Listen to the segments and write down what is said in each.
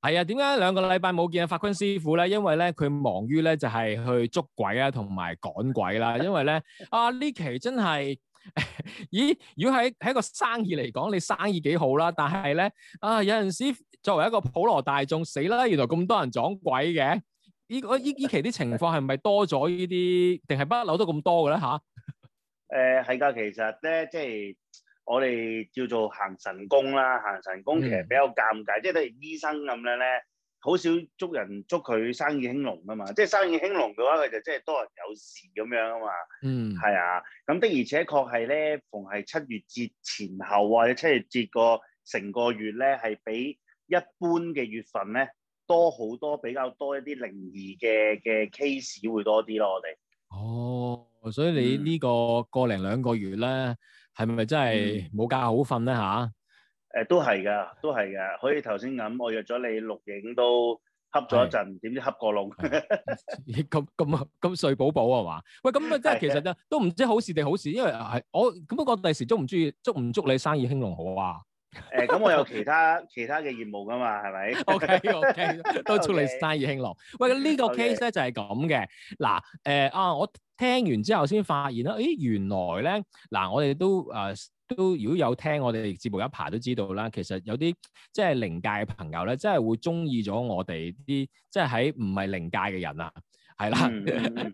係啊，點解兩個禮拜冇見阿法坤師傅咧？因為咧佢忙於咧就係去捉鬼啊，同埋趕鬼啦。因為咧啊呢期真係，咦？如果喺喺一個生意嚟講，你生意幾好啦。但係咧啊有陣時作為一個普羅大眾，死啦！原來咁多人撞鬼嘅，依個依依期啲情況係咪多咗呢啲，定係不嬲都咁多嘅咧？吓？誒係噶，其實咧即係。我哋叫做行神功啦，行神功其實比較尷尬，嗯、即係都係醫生咁樣咧，好少捉人捉佢生意興隆噶嘛。即係生意興隆嘅話，佢就即係多人有事咁樣啊嘛。嗯，係啊。咁的而且確係咧，逢係七月節前後或者七月節個成個月咧，係比一般嘅月份咧多好多，比較多一啲靈異嘅嘅 case 會多啲咯。我哋哦，所以你呢個過零兩個月咧。嗯係咪真係冇覺好瞓咧吓？誒都係噶，都係噶。好似頭先咁，我約咗你錄影都恰咗一陣，點知恰過龍？咁咁咁睡寶寶係嘛？喂，咁啊，即係其實啊，的都唔知好事定好事，因為係我咁樣講，第時鍾唔鍾意，祝唔祝你生意興隆好啊？誒，咁、 欸、我有其他 其他嘅業務噶嘛，係咪 ？OK OK，都祝你生意興隆。喂，呢、這個 case 咧就係咁嘅。嗱 Okay.，誒、呃、啊，我聽完之後先發現啦，誒，原來咧，嗱，我哋都誒、呃、都如果有聽我哋節目一排都知道啦，其實有啲即係靈界嘅朋友咧，真係會中意咗我哋啲即係喺唔係靈界嘅人啊。係啦，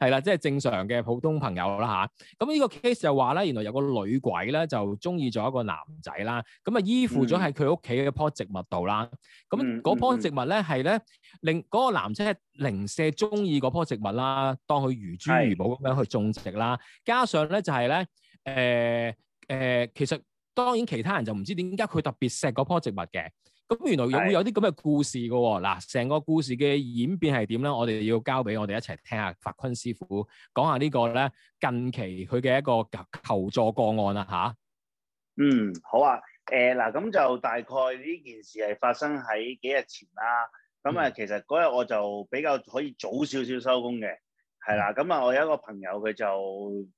係啦，即係、mm hmm. 就是、正常嘅普通朋友啦吓，咁、啊、呢個 case 就話咧，原來有個女鬼咧就中意咗一個男仔啦。咁啊依附咗喺佢屋企嘅棵植物度啦。咁嗰棵植物咧係咧令嗰個男仔係零舍中意嗰棵植物啦，當佢如珠如寶咁樣去種植啦。的加上咧就係、是、咧，誒、呃、誒、呃，其實當然其他人就唔知點解佢特別錫嗰棵植物嘅。咁原來有會有啲咁嘅故事嘅喎、哦，嗱，成個故事嘅演變係點咧？我哋要交俾我哋一齊聽一下，法坤師傅講下個呢個咧近期佢嘅一個求助個案啊吓，嗯，好啊，誒、呃、嗱，咁就大概呢件事係發生喺幾日前啦。咁啊、呃，其實嗰日我就比較可以早少少收工嘅，係啦。咁啊，我有一個朋友佢就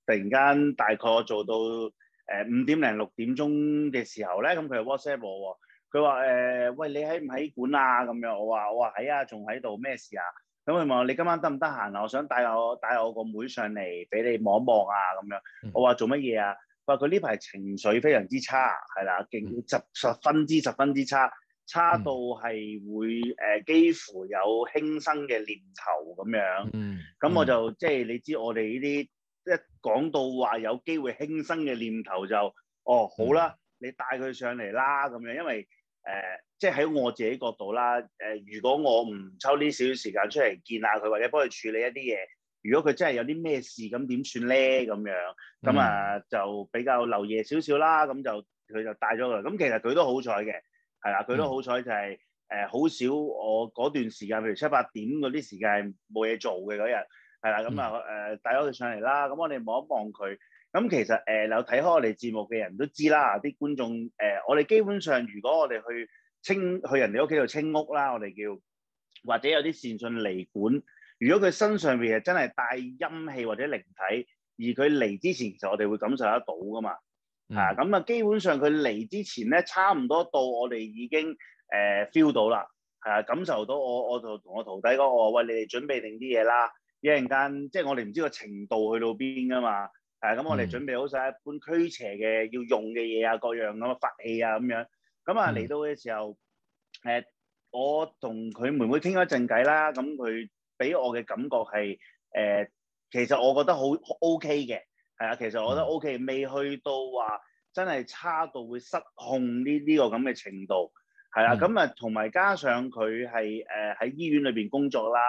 突然間大概做到誒五、呃、點零六點鐘嘅時候咧，咁佢就 WhatsApp 我喎、哦。佢話誒，喂、呃、你喺唔喺管啊？咁樣我話我話喺啊，仲喺度咩事啊？咁佢問我你今晚得唔得閒啊？我想帶我帶我個妹，妹上嚟俾你望一望啊！咁樣我話做乜嘢啊？佢話佢呢排情緒非常之差，係啦，勁十十分之十分之差，差到係會誒、呃、幾乎有輕生嘅念頭咁樣。咁我就、嗯嗯、即係你知我哋呢啲即一講到話有機會輕生嘅念頭就，哦好啦，嗯、你帶佢上嚟啦咁樣，因為。誒、呃，即係喺我自己角度啦。誒、呃，如果我唔抽呢少少時間出嚟見下佢，或者幫佢處理一啲嘢，如果佢真係有啲咩事咁點算咧？咁樣咁啊、嗯嗯，就比較留夜少少啦。咁、嗯、就佢就帶咗佢。咁、嗯、其實佢都好彩嘅，係啦，佢都好彩就係、是、誒，好、呃、少我嗰段時間，譬如七八點嗰啲時間冇嘢做嘅嗰日，係、嗯嗯嗯嗯、啦，咁啊誒，帶咗佢上嚟啦。咁我哋望一望佢。咁、嗯、其實誒有睇開我哋節目嘅人都知啦，啲觀眾誒、呃，我哋基本上如果我哋去清去人哋屋企度清屋啦，我哋叫或者有啲善信嚟管，如果佢身上邊係真係帶陰氣或者靈體，而佢嚟之前，其實我哋會感受得到噶嘛，嗯、啊咁啊基本上佢嚟之前咧，差唔多到我哋已經誒 feel、呃、到啦，係啊感受到我我就同我徒弟講、那個，我話喂，你哋準備定啲嘢啦，一陣間即係我哋唔知個程度去到邊噶嘛。誒咁，我哋準備好晒一般驅邪嘅要用嘅嘢啊，各樣咁嘅法器啊，咁樣咁啊，嚟到嘅時候，誒、 呃、我同佢妹妹傾咗陣偈啦，咁佢俾我嘅感覺係誒、呃，其實我覺得好 O K 嘅，係啊、OK，其實我覺得 O、OK、K，未去到話真係差到會失控呢呢、呢個咁嘅程度，係啦，咁啊同埋加上佢係誒喺醫院裏邊工作啦，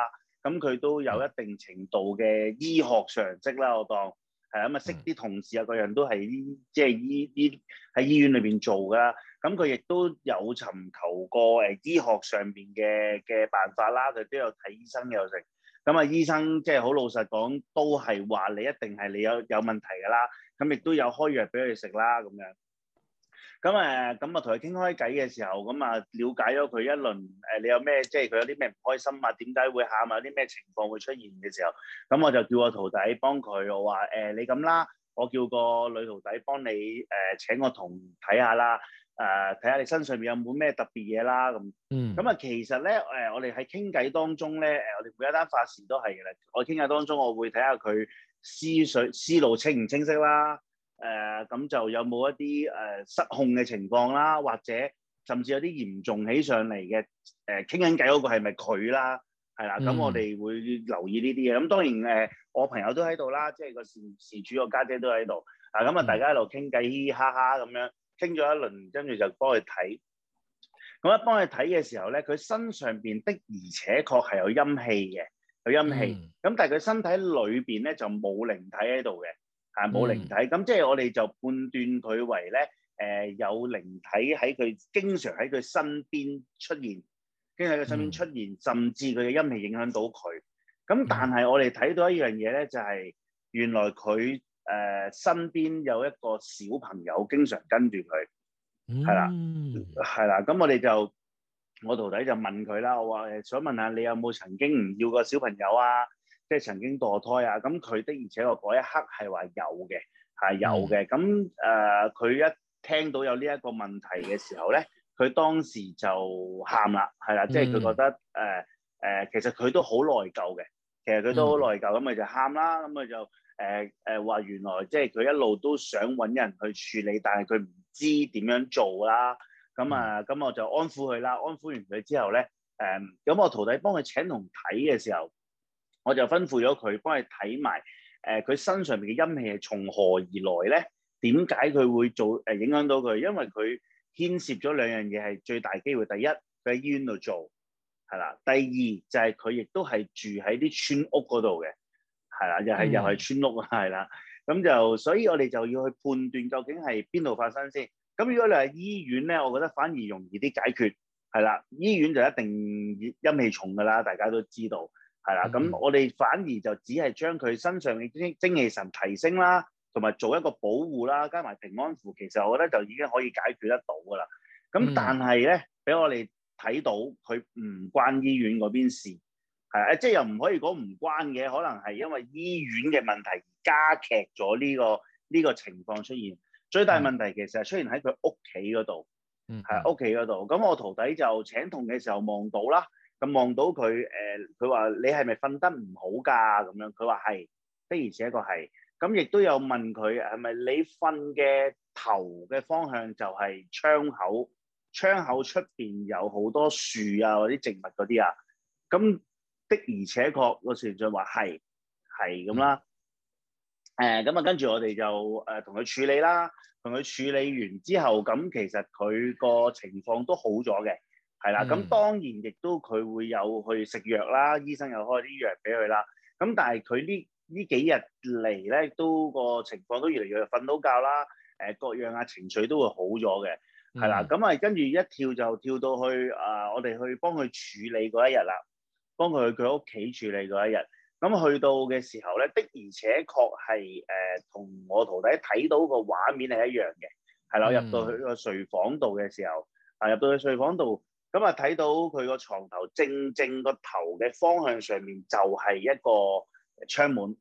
咁、嗯、佢都有一定程度嘅醫學常識啦，我當。係啊，啊識啲同事啊，個人都係呢，即係呢啲喺醫院裏邊做噶。咁佢亦都有尋求過誒醫學上邊嘅嘅辦法啦，佢都有睇醫生又食。咁啊，醫生即係好老實講，都係話你一定係你有有問題噶啦。咁亦都有開藥俾佢食啦，咁樣。咁誒，咁啊，同佢傾開偈嘅時候，咁啊，了解咗佢一輪，誒，你有咩，即係佢有啲咩唔開心啊？點解會喊啊？有啲咩情況會出現嘅時候，咁我就叫我徒弟幫佢，我話誒、欸，你咁啦，我叫個女徒弟幫你誒、呃、請我同睇下啦，誒、呃，睇下你身上面有冇咩特別嘢啦，咁。咁啊，嗯、其實咧，誒、呃，我哋喺傾偈當中咧，誒，我哋每一單法事都係嘅啦。我傾偈當中，我會睇下佢思想思路清唔清晰啦。誒，咁、呃、就有冇一啲誒、呃、失控嘅情況啦，或者甚至有啲嚴重起上嚟嘅，誒傾緊偈嗰個係咪佢啦？係啦，咁、嗯、我哋會留意呢啲嘢。咁、嗯、當然誒、呃，我朋友都喺度啦，即係個事事主個家姐，姐都喺度。嗱，咁啊，大家、嗯、 一路傾偈，嘻嘻哈哈咁樣傾咗一輪，跟住就幫佢睇。咁一幫佢睇嘅時候咧，佢身上邊的而且確係有陰氣嘅，有陰氣。咁、嗯、但係佢身體裏邊咧就冇靈體喺度嘅。但冇靈體，咁、嗯、即係我哋就判斷佢為咧，誒、呃、有靈體喺佢經常喺佢身邊出現，經常喺佢身邊出現，嗯、甚至佢嘅陰氣影響到佢。咁但係我哋睇到一樣嘢咧，就係、是、原來佢誒、呃、身邊有一個小朋友經常跟住佢，係啦、嗯，係啦。咁我哋就我徒弟就問佢啦，我話、呃、想問下你有冇曾經唔要過個小朋友啊？即係曾經墮胎啊！咁佢的而且確嗰一刻係話有嘅，係有嘅。咁誒、嗯，佢、呃、一聽到有呢一個問題嘅時候咧，佢當時就喊啦，係啦，嗯、即係佢覺得誒誒、呃呃，其實佢都好內疚嘅，其實佢都好內疚，咁咪、嗯、就喊啦，咁咪就誒誒話原來即係佢一路都想搵人去處理，但係佢唔知點樣做啦。咁啊，咁、呃、我就安撫佢啦，安撫完佢之後咧，誒、呃、咁我徒弟幫佢請同睇嘅時候。我就吩咐咗佢，幫佢睇埋誒佢身上面嘅陰氣係從何而來咧？點解佢會做誒、呃、影響到佢？因為佢牽涉咗兩樣嘢係最大機會。第一，佢喺醫院度做，係啦；第二就係、是、佢亦都係住喺啲村屋嗰度嘅，係啦，就是、又係又係村屋啊，係啦。咁就所以我哋就要去判斷究竟係邊度發生先。咁如果你係醫院咧，我覺得反而容易啲解決，係啦。醫院就一定陰氣重㗎啦，大家都知道。係啦，咁我哋反而就只係將佢身上嘅精精氣神提升啦，同埋做一個保護啦，加埋平安符，其實我覺得就已經可以解決得到㗎啦。咁但係咧，俾我哋睇到佢唔關醫院嗰邊事，係啊，即係又唔可以講唔關嘅，可能係因為醫院嘅問題而加劇咗呢個呢個情況出現。最大問題其實係出現喺佢屋企嗰度，係屋企嗰度。咁我徒弟就請同嘅時候望到啦。咁望到佢，誒，佢話你係咪瞓得唔好㗎？咁樣佢話係，的而且確係。咁亦都有問佢係咪你瞓嘅頭嘅方向就係窗口，窗口出邊有好多樹啊，或者植物嗰啲啊？咁的而且確個小俊話係，係咁啦。誒，咁啊，跟住我哋就誒同佢處理啦。同佢處理完之後，咁其實佢個情況都好咗嘅。係啦，咁當然亦都佢會有去食藥啦，醫生又開啲藥俾佢啦。咁但係佢呢呢幾日嚟咧，都個情況都越嚟越瞓到覺啦，誒各樣啊情緒都會好咗嘅。係啦，咁啊、嗯、跟住一跳就跳到去啊，我哋去幫佢處理嗰一日啦，幫佢去佢屋企處理嗰一日。咁去到嘅時候咧，的而且確係誒同我徒弟睇到個畫面係一樣嘅。係啦，嗯、入到去個睡房度嘅時候，啊入到去睡房度。咁啊，睇到佢個床頭正正個頭嘅方向上面就係一個窗門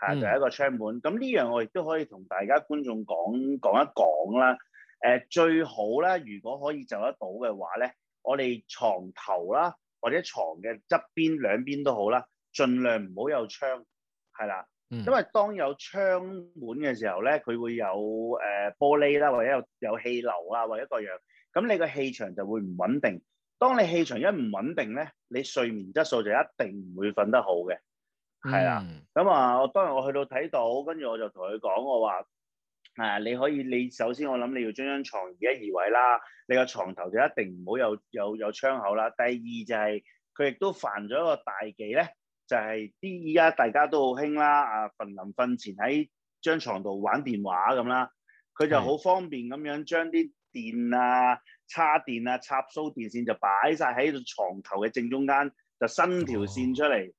嚇，就係一個窗門。咁呢、嗯啊就係、樣我亦都可以同大家觀眾講講一講啦。誒、呃，最好咧，如果可以就得到嘅話咧，我哋床頭啦，或者床嘅側邊兩邊都好啦，盡量唔好有窗，係啦。嗯、因為當有窗門嘅時候咧，佢會有誒、呃、玻璃啦，或者有有氣流啊，或者一個樣，咁你個氣場就會唔穩定。當你氣場一唔穩定咧，你睡眠質素就一定唔會瞓得好嘅，係啦、嗯。咁啊，我當日我去到睇到，跟住我就同佢講，我話誒、啊、你可以，你首先我諗你要將張床移一移位啦，你個床頭就一定唔好有有有窗口啦。第二就係佢亦都犯咗一個大忌咧，就係啲依家大家都好興啦，啊瞓臨瞓前喺張床度玩電話咁啦，佢就好方便咁樣將啲電啊～、嗯插電啊，插蘇電線就擺晒喺床頭嘅正中間，就伸條線出嚟，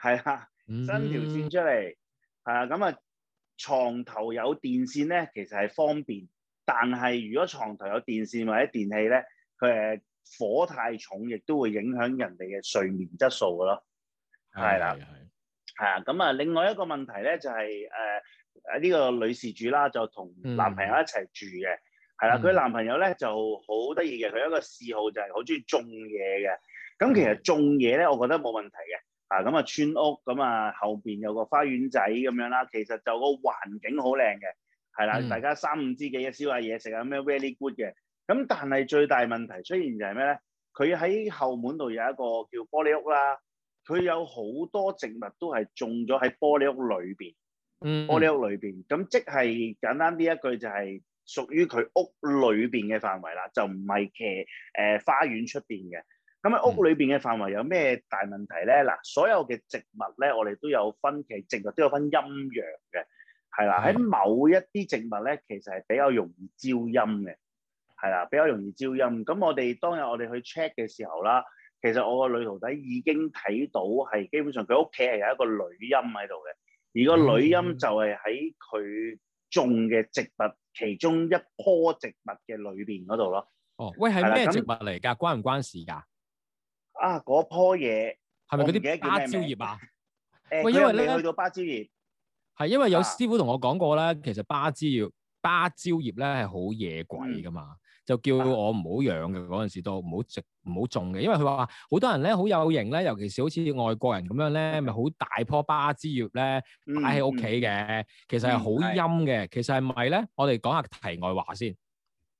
係、oh. 啊，伸條線出嚟，係、mm hmm. 啊，咁啊，床頭有電線咧，其實係方便，但係如果床頭有電線或者電器咧，佢係火太重，亦都會影響人哋嘅睡眠質素嘅咯，係啦、mm，係、hmm. 啊，咁、mm hmm. 啊，另外一個問題咧就係誒呢個女事主啦，就同男朋友一齊住嘅。Mm hmm. 係啦，佢男朋友咧就好得意嘅，佢一個嗜好就係好中意種嘢嘅。咁其實種嘢咧，我覺得冇問題嘅。啊，咁啊村屋，咁啊後邊有個花園仔咁樣啦，其實就個環境好靚嘅。係啦，嗯、大家三五知己啊，燒下嘢食啊，咩 very good 嘅。咁但係最大問題出現就係咩咧？佢喺後門度有一個叫玻璃屋啦，佢有好多植物都係種咗喺玻璃屋裏邊。嗯、玻璃屋裏邊，咁即係簡單啲一,一句就係、是。屬於佢屋裏邊嘅範圍啦，就唔係騎誒、呃、花園出邊嘅。咁喺屋裏邊嘅範圍有咩大問題咧？嗱、嗯，所有嘅植物咧，我哋都有分，其實植物都有分陰陽嘅，係啦。喺、嗯、某一啲植物咧，其實係比較容易招陰嘅，係啦，比較容易招陰。咁我哋當日我哋去 check 嘅時候啦，其實我個女徒弟已經睇到係基本上佢屋企係有一個女陰喺度嘅，而個女陰就係喺佢種嘅植物、嗯。.其中一棵植物嘅裏邊嗰度咯。哦，喂，係咩植物嚟噶？那關唔關事噶？啊，嗰棵嘢係咪嗰啲芭蕉葉啊？喂，欸、因為咧，你去到芭蕉葉，係因為有師傅同我講過咧，其實芭蕉葉、芭蕉葉咧係好惹鬼噶嘛。就叫我唔好養嘅，嗰陣時都唔好植，唔好種嘅，因為佢話話好多人咧，好有型咧，尤其是好似外國人咁樣咧，咪好大棵芭蕉葉咧，擺喺屋企嘅。嗯、其實係好陰嘅。的其實係咪咧？我哋講下題外話先。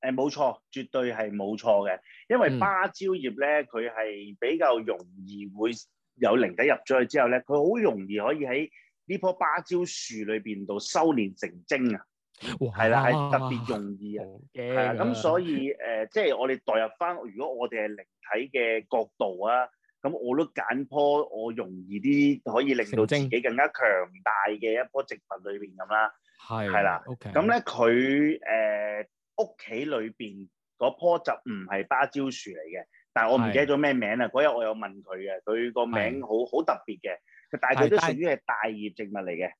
誒冇錯，絕對係冇錯嘅，因為芭蕉葉咧，佢係比較容易會有靈體入咗去之後咧，佢好容易可以喺呢棵芭蕉樹裏邊度修煉成精啊！係啦，係哇特別容易啊，係啦，咁、嗯、所以誒、呃，即係我哋代入返，如果我哋係靈體嘅角度啊，咁我都揀棵我容易啲，可以令到自己更加強大嘅一棵植物裏、呃、邊咁啦，係，係啦，咁咧佢誒屋企裏邊嗰棵就唔係芭蕉樹嚟嘅，但係我唔記得咗咩名啦，嗰日的我有問佢嘅，佢個名好好的特別嘅，但係佢都屬於係大葉植物嚟嘅。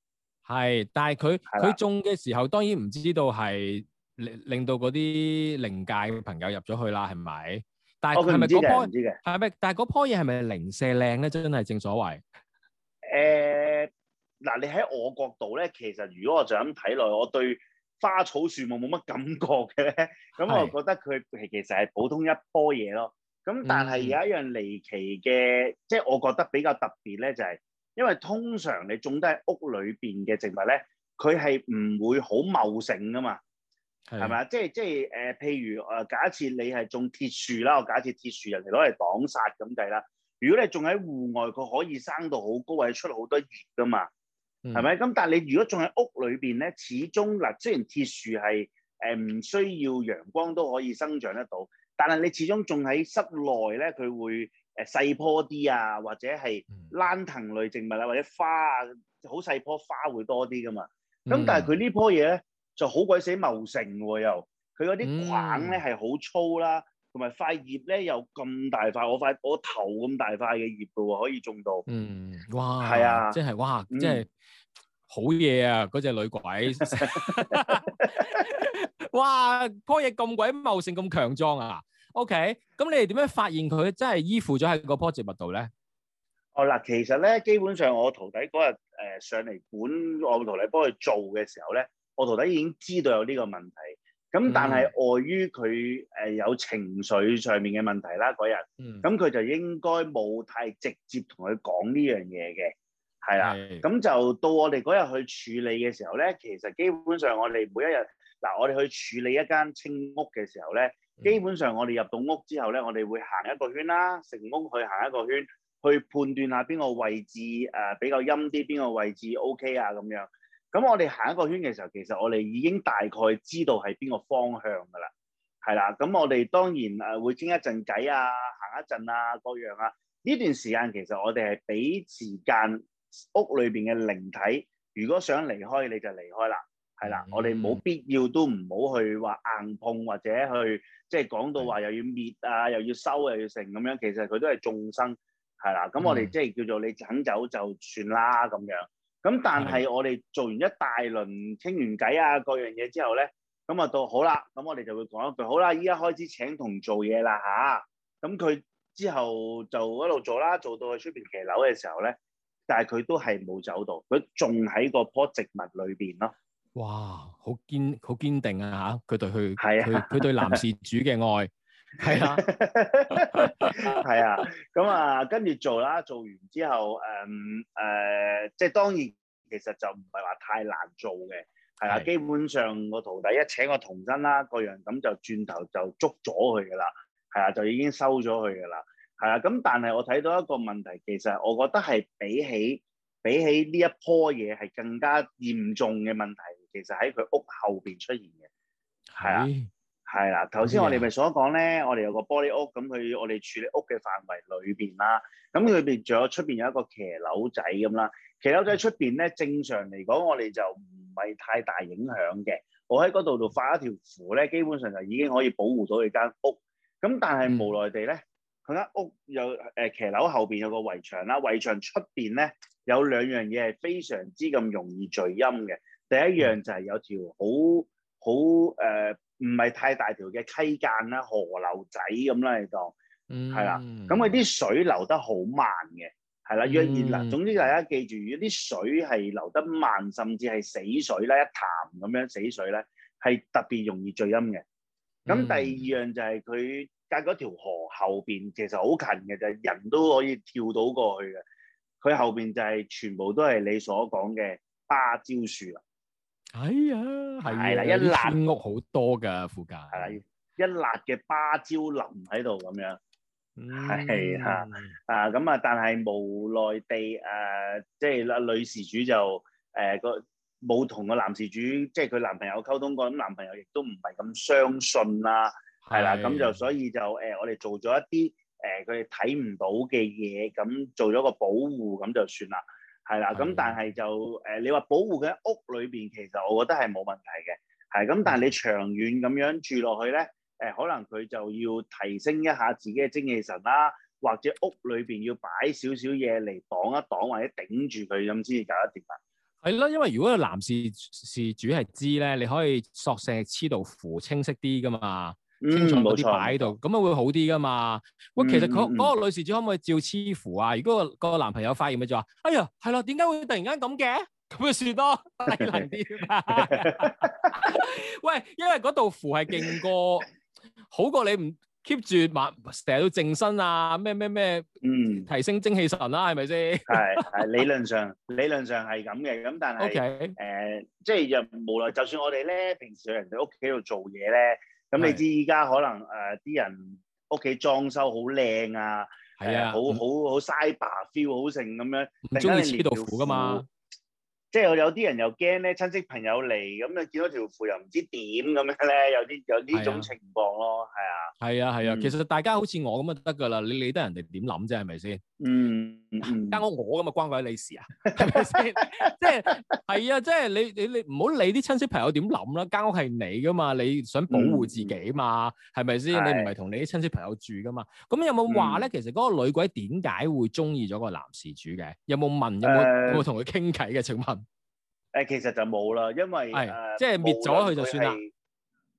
係，但係佢佢種嘅時候，當然唔知道係令令到嗰啲靈界嘅朋友入咗去啦，係咪？但係係咪嗰棵？唔知嘅係咪？但係棵嘢係咪零舍靚咧？真係正所謂。誒嗱、呃，你喺我角度咧，其實如果我就咁睇落，我對花草樹木冇乜感覺嘅咧，咁是 我覺得佢其其實係普通一棵嘢咯。咁但係有一樣離奇嘅，嗯、即係我覺得比較特別咧，就係。因為通常你種得喺屋裏邊嘅植物咧，佢係唔會好茂盛噶嘛，係咪啊？即係即係誒、呃，譬如誒，假設你係種鐵樹啦，我假設鐵樹人哋攞嚟擋煞咁計啦。如果你種喺戶外，佢可以生到好高，或者出好多葉噶嘛，係咪的？咁但係你如果種喺屋裏邊咧，始終嗱，雖然鐵樹係誒唔需要陽光都可以生長得到，但係你始終種喺室內咧，佢會。細棵啲啊，或者係蘭藤類植物啊，或者花啊，好細棵花會多啲㗎嘛。咁、嗯、但係佢呢棵嘢咧，就好鬼死茂盛喎又。佢嗰啲梗咧係好粗啦、啊，同埋塊葉咧又咁大塊，我塊我頭咁大塊嘅葉噶、啊、可以種到。嗯，哇，係啊，即係哇，即係好嘢啊！嗰、那、隻、個、女鬼， 哇，棵嘢咁鬼茂盛，咁強壯啊！OK，咁你哋點樣發現佢真係依附咗喺嗰棵植物度咧？哦嗱，其實咧，基本上我徒弟嗰日誒上嚟管我徒弟幫佢做嘅時候咧，我徒弟已經知道有呢個問題。咁但係礙於佢誒有情緒上面嘅問題啦，嗰日，咁佢、嗯、就應該冇太直接同佢講呢樣嘢嘅，係啦。咁的就到我哋嗰日去處理嘅時候咧，其實基本上我哋每一日嗱、呃，我哋去處理一間清屋嘅時候咧。基本上我哋入到屋之後咧，我哋會行一個圈啦、啊，成屋去行一個圈，去判斷下邊個位置誒、呃、比較陰啲，邊個位置 OK 啊咁樣。咁我哋行一個圈嘅時候，其實我哋已經大概知道係邊個方向噶啦，係啦。咁我哋當然誒、啊、會傾一陣偈啊，行一陣啊，各樣啊。呢段時間其實我哋係俾時間屋裏邊嘅靈體，如果想離開你就離開啦。係啦，我哋冇必要都唔好去話硬碰，或者去即係講到話又要滅啊，又要收又要成咁樣。其實佢都係眾生，係啦。咁的我哋即係叫做你肯走就算啦咁樣。咁但係我哋做完一大輪傾完偈啊，各樣嘢之後咧，咁啊到好啦，咁我哋就會講一句好啦，依家開始請同做嘢啦吓，咁、啊、佢之後就一路做啦，做到去出邊騎樓嘅時候咧，但係佢都係冇走到，佢仲喺個棵植物裏邊咯。哇，好堅好堅定啊！吓，佢對佢佢佢對男事主嘅愛，係啦，係啊。咁 啊，跟住、啊、做啦，做完之後，誒、嗯、誒，即、呃、係、就是、當然，其實就唔係話太難做嘅，係啊。是基本上我徒弟一請我童真啦，各樣咁就轉頭就捉咗佢噶啦，係啊，就已經收咗佢噶啦，係啊。咁但係我睇到一個問題，其實我覺得係比起比起呢一樖嘢係更加嚴重嘅問題。其實喺佢屋後邊出現嘅，係啊的，係啦的。頭先我哋咪所講咧，嗯、我哋有個玻璃屋，咁佢我哋處理屋嘅範圍裏邊啦。咁裏邊仲有出邊有一個騎樓仔咁啦。騎樓仔出邊咧，正常嚟講我哋就唔係太大影響嘅。我喺嗰度度發一條符咧，基本上就已經可以保護到你間屋。咁但係無奈地咧，佢間、嗯、屋有誒騎樓後邊有個圍牆啦，圍牆出邊咧有兩樣嘢係非常之咁容易聚陰嘅。第一樣就係有條好好誒唔係太大條嘅溪澗啦、啊、河流仔咁啦、啊，你當，係啦、嗯。咁佢啲水流得好慢嘅，係啦、啊。若嗯、總之大家記住，如果啲水係流得慢，甚至係死水啦、一潭咁樣死水咧，係特別容易聚陰嘅。咁第二樣就係佢隔嗰條河後邊，其實好近嘅就係，人都可以跳到過去嘅。佢後邊就係、是、全部都係你所講嘅芭蕉樹啦。係啊，係啦、哎，一爛屋好多噶，附近係一辣嘅芭蕉林喺度咁樣，係啊、嗯，啊咁啊，但係無奈地誒、呃，即係女事主就誒個冇同個男事主即係佢男朋友溝通過，咁男朋友亦都唔係咁相信啦、啊，係啦的，咁就所以就誒、呃，我哋做咗一啲誒，佢哋睇唔到嘅嘢，咁做咗個保護，咁就算啦。係啦，咁但係就誒、呃，你話保護佢喺屋裏邊，其實我覺得係冇問題嘅。係咁，但係你長遠咁樣住落去咧，誒、呃，可能佢就要提升一下自己嘅精氣神啦、啊，或者屋裏邊要擺少少嘢嚟擋一擋，或者頂住佢咁先至搞得掂啊。係啦，因為如果個男事事主係知咧，你可以索性黐道符，清晰啲㗎嘛。清咗嗰啲擺喺度，咁、嗯、樣會好啲噶嘛？喂，其實嗰個女事主可唔可以照黐符啊？如果個個男朋友發現咪就話：嗯、哎呀，係咯，點解會突然間咁嘅？咁咪算咯， 低能啲。喂， 因為嗰道符係勁過，好過你唔 keep 住成日都靜身啊！咩咩咩，嗯，提升精氣神啦、啊，係咪先？係 係理論上，理論上係咁嘅。咁但係誒，即係又無奈，就算我哋咧，平時喺人哋屋企度做嘢咧。咁你知依家可能誒啲、呃、人屋企裝修好靚啊，係啊，呃、好好好我 cyber feel 好成咁樣，你中意你黐到虎㗎嘛～即係有啲人又驚咧，親戚朋友嚟咁，你見到條褲又唔知點咁樣咧，有啲有呢種情況咯，係啊，係啊，係啊。嗯、其實大家好似我咁就得噶啦，你理得人哋點諗啫，係咪先？嗯，間屋我咁啊，關鬼你事啊，係咪先？ 即係係啊，即係你你你唔好理啲親戚朋友點諗啦，間屋係你噶嘛，你想保護自己嘛，係咪先？你唔係同你啲親戚朋友住噶嘛？咁有冇話咧？其實嗰個女鬼點解會中意咗個男事主嘅？有冇問？有冇有冇同佢傾偈嘅？請問？有誒其實就冇啦，因為誒即係滅咗佢就算啦，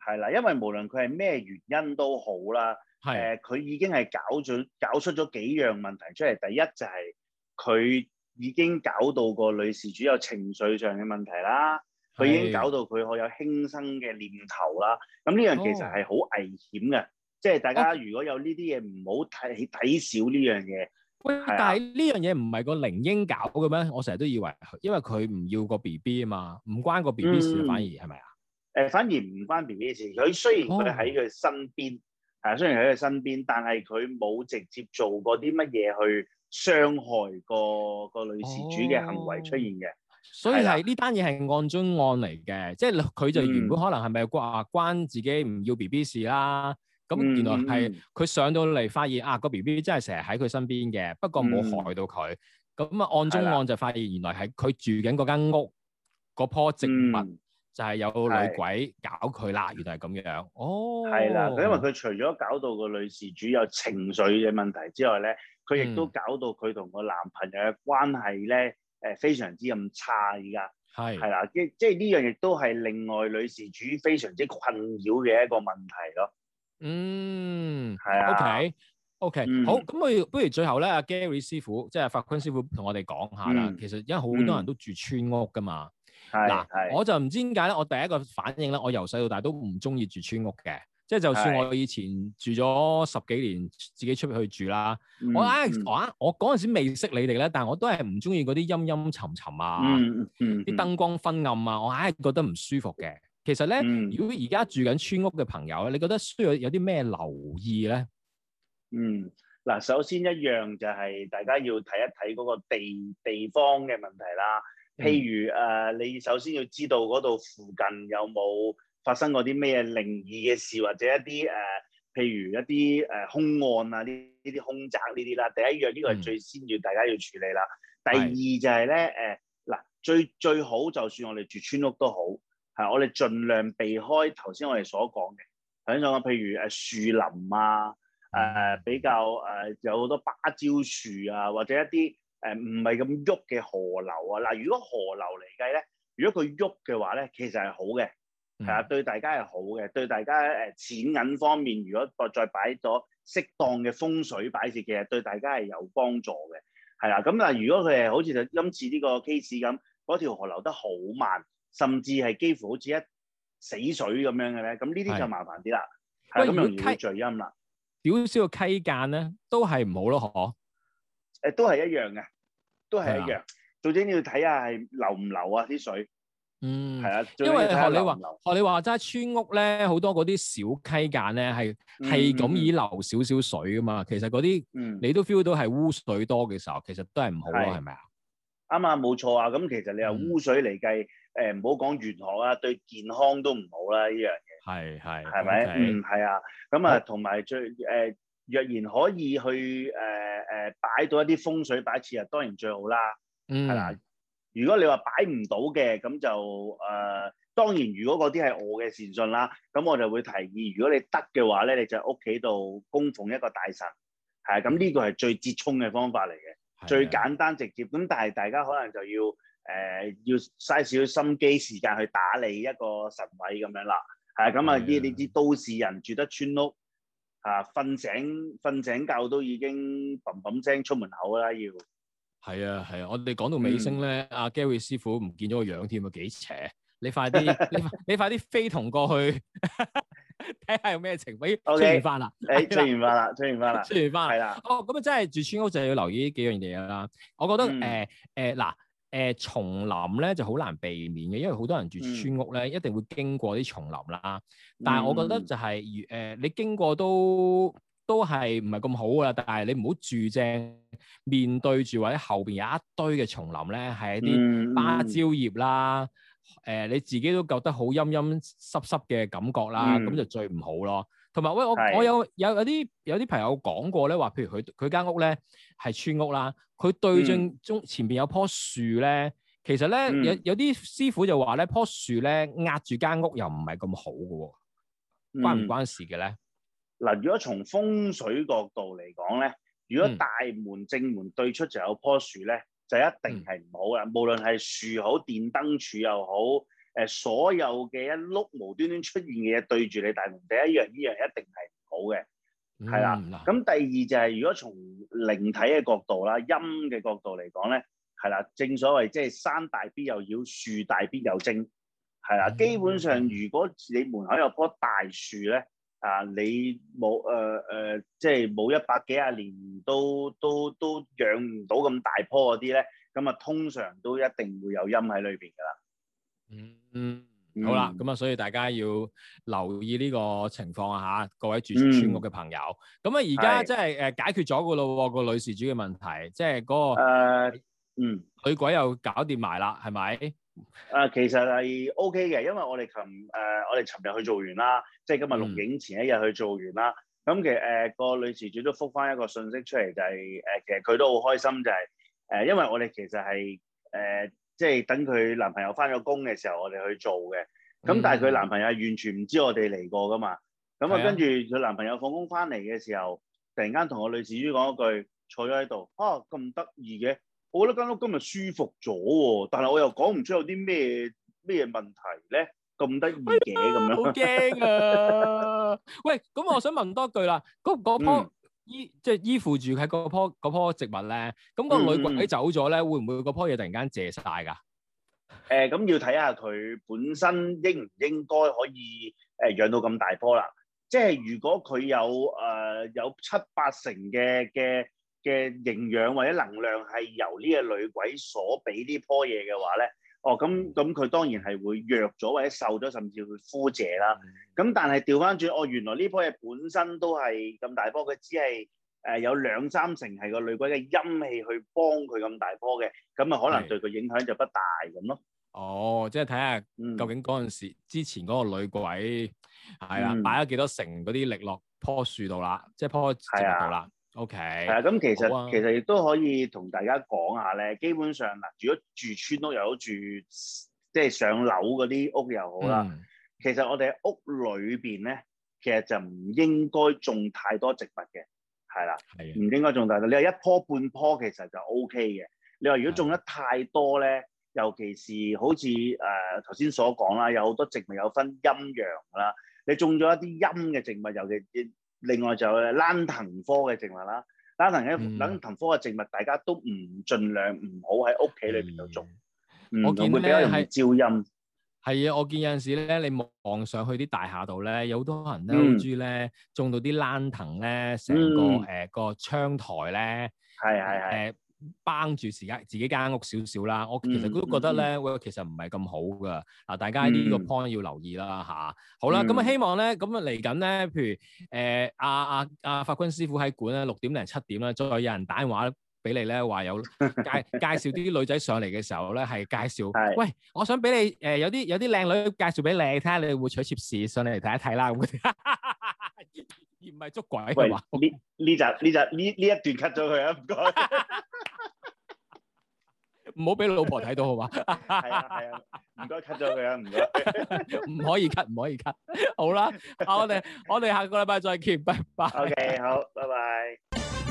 係啦，因為無論佢係咩原因都好啦，誒佢是、呃、已經係搞咗搞出咗幾樣問題出嚟。第一就係佢已經搞到個女事主有情緒上嘅問題啦，佢已經搞到佢好有輕生嘅念頭啦。咁呢是樣其實係好危險嘅，哦、即係大家如果有呢啲嘢，唔好睇睇小呢樣嘢。喂，但係呢樣嘢唔係個靈英搞嘅咩？我成日都以為，因為佢唔要個 B B 啊嘛，唔關個 B B 事，反而係咪、哦、啊？誒，反而唔關 B B 事。佢雖然佢哋喺佢身邊，吓雖然喺佢身邊，但係佢冇直接做過啲乜嘢去傷害個個女事主嘅行為出現嘅。哦、所以係呢單嘢係案中案嚟嘅，即係佢就原本可能係咪話關自己唔要 B B 事啦、啊？嗯咁、嗯、原來係佢上到嚟，發現啊個 B B 真係成日喺佢身邊嘅，不過冇害到佢。咁啊、嗯，案中案就發現原來係佢住緊嗰間屋，嗰樖、嗯、植物就係有個女鬼搞佢啦。嗯、原來係咁樣，哦，係啦。因為佢除咗搞到個女事主有情緒嘅問題之外咧，佢亦都搞到佢同個男朋友嘅關係咧，誒非常之咁差而家。係係啦，即即係呢樣亦都係另外女事主非常之困擾嘅一個問題咯。嗯，係啊，OK，OK，好，咁我不如最後咧，阿 Gary 師傅，即係法坤師傅同我哋講下啦。嗯、其實因為好多人都住村屋噶嘛，嗱，我就唔知點解咧。我第一個反應咧，我由細到大都唔中意住村屋嘅，即係就算我以前住咗十幾年，自己出去住啦、嗯。我唉，我我嗰時未識你哋咧，但我都係唔中意嗰啲陰陰沉沉啊，啲、嗯嗯嗯、燈光昏暗啊，我硬係覺得唔舒服嘅。其實咧，嗯、如果而家住緊村屋嘅朋友咧，你覺得需要有啲咩留意咧？嗯，嗱，首先一樣就係大家要睇一睇嗰個地地方嘅問題啦。譬如誒、嗯呃，你首先要知道嗰度附近有冇發生過啲咩靈異嘅事，或者一啲誒、呃，譬如一啲誒、呃、兇案啊，呢呢啲兇宅呢啲啦。第一樣呢個係最先要大家要處理啦。嗯、第二就係咧誒，嗱的、呃、最最好就算我哋住村屋都好。啊！我哋盡量避開頭先我哋所講嘅，想象下，譬如誒樹林啊，誒、啊、比較誒、啊、有好多芭蕉樹啊，或者一啲誒唔係咁喐嘅河流啊。嗱、啊，如果河流嚟計咧，如果佢喐嘅話咧，其實係好嘅，係、嗯、啊，對大家係好嘅，對大家誒錢、啊、銀方面，如果再再擺咗適當嘅風水擺設，其實對大家係有幫助嘅。係啦，咁、啊、但係如果佢係好似就今次呢個 case 咁，嗰條河流得好慢。甚至係幾乎好似一死水咁樣嘅咧，咁呢啲就麻煩啲啦，咁容易聚陰啦。屌少個溪澗咧，都係唔好咯，嗬？誒，都係一樣嘅，都係一樣。總之你要睇下係流唔流啊啲水。嗯，係啊。因為學你話，學你話齋村屋咧，好多嗰啲小溪澗咧，係係咁易流少少水噶嘛。其實嗰啲你都 feel 到係污水多嘅時候，其實都係唔好咯，係咪啊？啱啊，冇錯啊。咁其實你話污水嚟計。誒，唔好講玄學啦，對健康都唔好啦，呢樣嘢係係係咪？嗯，係啊。咁啊，同埋好最、誒、呃，若然可以去誒誒擺到一啲風水擺設，當然最好啦。啊、嗯，係啦。如果你話擺唔到嘅，咁就誒、呃，當然如果嗰啲係我嘅善信啦，咁我就會提議，如果你得嘅話咧，你就喺屋企度供奉一個大神，係啊。咁呢個係最折衷嘅方法嚟嘅，啊啊、最簡單直接。咁但係大家可能就要。誒，要嘥少少心機時間去打理一個神位咁樣啦，係啊，咁啊啲啲都市人住得村屋，啊，瞓醒瞓醒覺都已經嘭嘭聲出門口啦，要係啊係啊，我哋講到尾聲咧，阿 Gary 師傅唔見咗個樣添啊，幾邪！你快啲你你快啲飛同過去睇下有咩情況。OK，出完翻啦，誒，出完翻啦，出完翻啦，出完翻嚟啦，係啦。哦，咁啊真係住村屋就要留意呢幾樣嘢啦。我覺得誒誒嗱。誒叢、呃、林咧就好難避免嘅，因為好多人住村屋咧，嗯、一定會經過啲叢林啦。但係我覺得就係、是、誒、呃，你經過都都係唔係咁好噶。但係你唔好住正面對住或者後邊有一堆嘅叢林咧，係一啲芭蕉葉啦。誒、嗯嗯呃，你自己都覺得好陰陰濕濕嘅感覺啦，咁、嗯、就最唔好咯。同埋，喂，我我有有有啲有啲朋友講過咧，話譬如佢佢間屋咧係村屋啦，佢對正中、嗯、前邊有棵樹咧，其實咧、嗯、有有啲師傅就話咧樖樹咧壓住間屋又唔係咁好㗎喎，嗯、關唔關事嘅咧？嗱，如果從風水角度嚟講咧，如果大門正門對出就有棵樹咧，就一定係唔好啦，嗯、無論係樹好、電燈柱又好。誒所有嘅一碌無端端出現嘅嘢對住你，大門第一樣呢樣一定係唔好嘅，係啦、嗯。咁第二就係、是、如果從靈體嘅角度啦、陰嘅角度嚟講咧，係啦，正所謂即係山大必有妖，樹大必有精，係啦。嗯、基本上，如果你門口有棵大樹咧，啊，你冇誒誒，即係冇一百幾廿年都都都養唔到咁大棵嗰啲咧，咁啊，通常都一定會有陰喺裏邊噶啦。嗯，好啦了，咁啊、嗯，所以大家要留意呢個情況啊，吓各位住村屋嘅朋友。咁啊、嗯，而家即係誒解決咗噶咯，個女事主嘅問題，即係嗰個誒，嗯，女鬼又搞掂埋啦，係咪？誒，其實係 OK 嘅，因為我哋琴誒，我哋尋日去做完啦，即係今日錄影前一日去做完啦。咁其實誒個女事主都覆翻一個信息出嚟，就係誒，其實佢都好開心，就係誒，因為我哋其實係誒。呃即係等佢男朋友翻咗工嘅時候，我哋去做嘅。咁、嗯、但係佢男朋友完全唔知我哋嚟過噶嘛。咁啊、嗯，跟住佢男朋友放工翻嚟嘅時候，突然間同我女侍女講一句，坐咗喺度。啊，咁得意嘅，我覺得間屋今日舒服咗喎。但係我又講唔出有啲咩咩問題咧，咁得意嘅咁樣。好驚啊！ 喂，咁我想問多句啦，嗰依即係依附住喺嗰棵棵植物咧，咁、那個女鬼走咗咧，嗯、會唔會嗰棵嘢突然間謝晒噶？誒、呃，咁要睇下佢本身應唔應該可以誒養、呃、到咁大棵啦。即係如果佢有誒、呃、有七八成嘅嘅嘅營養或者能量係由呢個女鬼所俾呢棵嘢嘅話咧。哦，咁咁佢當然係會弱咗或者瘦咗，甚至會枯謝啦。咁但係調翻轉，哦，原來呢棵嘢本身都係咁大棵，佢只係誒、呃、有兩三成係個女鬼嘅陰氣去幫佢咁大棵嘅，咁啊可能對佢影響就不大咁是咯。哦，即係睇下究竟嗰陣時、嗯、之前嗰個女鬼係啦，擺咗幾多成嗰啲力落棵樹度啦，即、就、係、是、棵植物度啦。O K，係啊，咁其實其實亦都可以同大家講下咧，基本上嗱，如果住村屋又好住即係、就是、上樓嗰啲屋又好啦，嗯、其實我哋喺屋裏邊咧，其實就唔應該種太多植物嘅，係啦，係唔的應該種太多，你話一棵半棵其實就 O K 嘅。你話如果種得太多咧，的尤其是好似誒頭先所講啦，有好多植物有分陰陽啦，你種咗一啲陰嘅植物，尤其另外就係蘭藤科嘅植物啦，蘭藤嘅蘭藤科嘅植物，嗯、大家都唔盡量唔好喺屋企裏邊度種。嗯嗯、我見咧係招陰，係啊，我見有陣時咧，你望上去啲大廈度咧，有好多人都好鍾意咧，種到啲蘭藤咧，成個誒、嗯呃、個窗台咧，係係係。幫住時間自己間屋少少啦，我其實都覺得咧，喂、嗯，嗯、其實唔係咁好噶。嗱，大家呢個 point 要留意啦吓。嗯、好啦，咁啊、嗯、希望咧，咁啊嚟緊咧，譬如，誒阿阿阿法軍師傅喺館咧，六點零七點咧，再有人打電話。俾你咧，話有介介紹啲女仔上嚟嘅時候咧，係介紹， 是喂，我想俾你誒有啲有啲靚女介紹俾你，睇下你會取唔取妾侍上嚟睇一睇啦，咁而唔係捉鬼嘅。呢呢集呢集呢呢一段 cut 咗佢啊，唔該。唔好俾老婆睇到，好嘛？係啊係啊，唔該 cut 咗佢啊，唔該、啊。唔 可以 cut，唔可以 cut。 好啦，我哋我哋下個禮拜再見，拜拜。OK，好，拜拜。